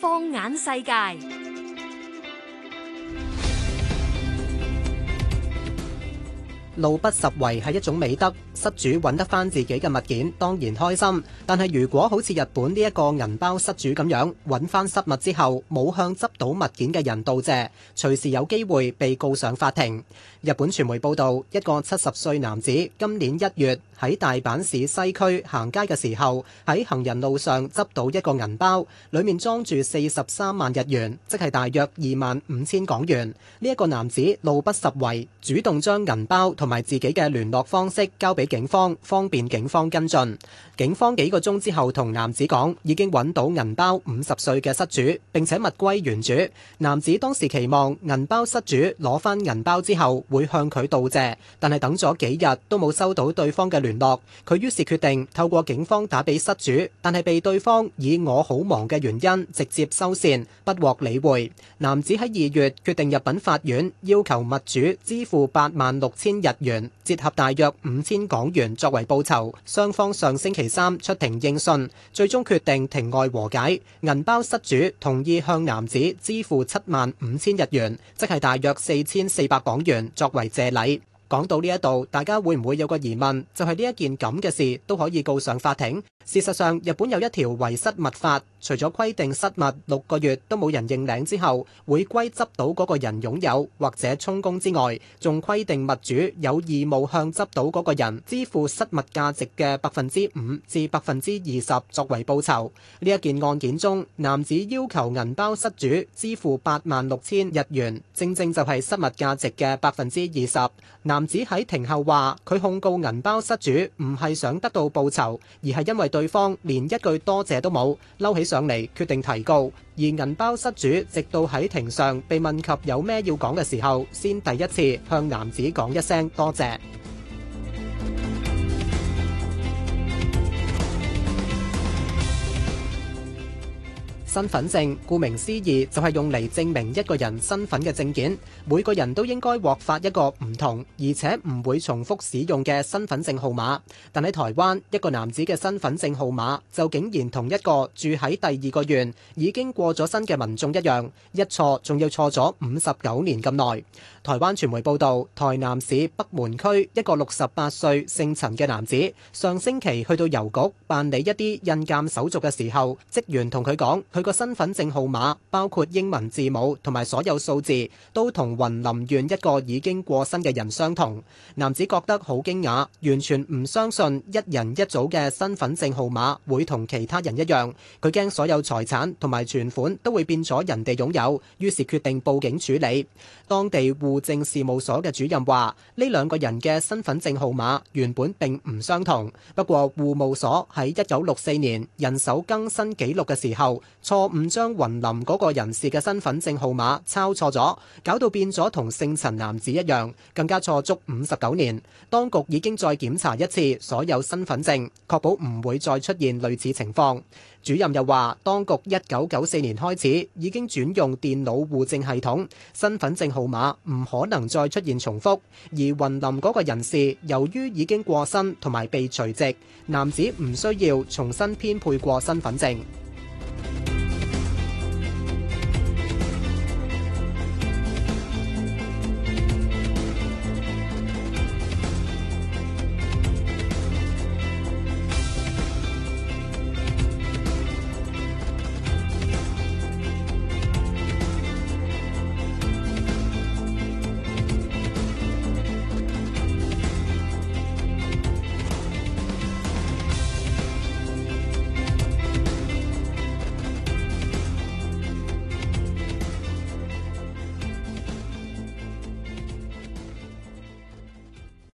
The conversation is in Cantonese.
放眼世界。路不拾遺係一種美德，失主揾得翻自己嘅物件當然開心。但係如果好似日本呢一個銀包失主咁樣揾翻失物之後冇向執到物件嘅人道謝，隨時有機會被告上法庭。日本傳媒報道，一個七十歲男子今年一月喺大阪市西區行街嘅時候，喺行人路上執到一個銀包，裡面裝住四十三萬日元，即係大約二萬五千港元。呢一個男子路不拾遺，主動將銀包，同埋自己嘅聯絡方式交俾警方，方便警方跟進。警方幾個鐘之後同男子講，已經揾到銀包五十歲嘅失主，並且物歸原主。男子當時期望銀包失主攞返銀包之後會向佢道謝，但係等咗幾日都冇收到對方嘅聯絡，佢於是決定透過警方打俾失主，但係被對方以我好忙嘅原因直接收線，不獲理會。男子喺二月決定入稟法院，要求物主支付八萬六千日元。日元結合大約五千港元作為報酬，雙方上星期三出庭應訊，最終決定庭外和解。銀包失主同意向男子支付七萬五千日元，即係大約四千四百港元作為謝禮。講到呢一度，大家會唔會有個疑問？就係呢一件咁嘅事都可以告上法庭。事實上，日本有一條遺失物法。除咗規定失物六個月都冇人認領之後，會歸執到嗰個人擁有或者充公之外，仲規定物主有義務向執到嗰個人支付失物價值嘅百分之五至百分之二十作為報酬。呢一件案件中，男子要求銀包失主支付八萬六千日元，正正就係失物價值嘅百分之二十。男子喺庭後話：佢控告銀包失主唔係想得到報酬，而係因為對方連一句多謝都冇，嬲起上嚟決定提告，而銀包失主直到喺庭上被問及有咩要講嘅時候，先第一次向男子講一聲多謝。身份證，顧名思義就係用嚟證明一個人身份嘅證件。每個人都應該獲發一個唔同，而且唔會重複使用嘅身份證號碼。但喺台灣，一個男子嘅身份證號碼就竟然同一個住喺第二個縣已經過咗身嘅民眾一樣，一錯仲要錯咗五十九年咁耐。台灣傳媒報導，台南市北門區一個六十八歲姓陳嘅男子，上星期去到郵局辦理一啲印鑑手續嘅時候，職員同佢講。佢個身份證號碼，包括英文字母同埋所有數字，都同雲林縣一個已經過身嘅人相同。男子覺得好驚訝，完全唔相信一人一組嘅身份證號碼會同其他人一樣。佢驚所有財產同埋存款都會變咗人哋擁有，於是決定報警處理。當地戶政事務所嘅主任話：呢兩個人嘅身份證號碼原本並唔相同，不過戶務所喺一九六四年人手更新記錄嘅時候。錯誤將雲林嗰個人士嘅身份證號碼抄錯咗，搞到變咗同姓陳男子一樣，更加錯足五十九年。當局已經再檢查一次所有身份證，確保唔會再出現類似情況。主任又話，當局一九九四年開始已經轉用電腦戶政系統，身份證號碼唔可能再出現重複。而雲林嗰個人士由於已經過身同埋被除籍，男子唔需要重新編配過身份證。